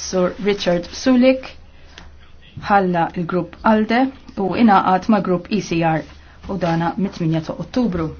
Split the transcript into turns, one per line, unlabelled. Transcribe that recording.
Sur Richard Sulik ħalla il-grupp ALDE u inaqat ma' grupp ECR u dana mit-8 ta' Ottubru.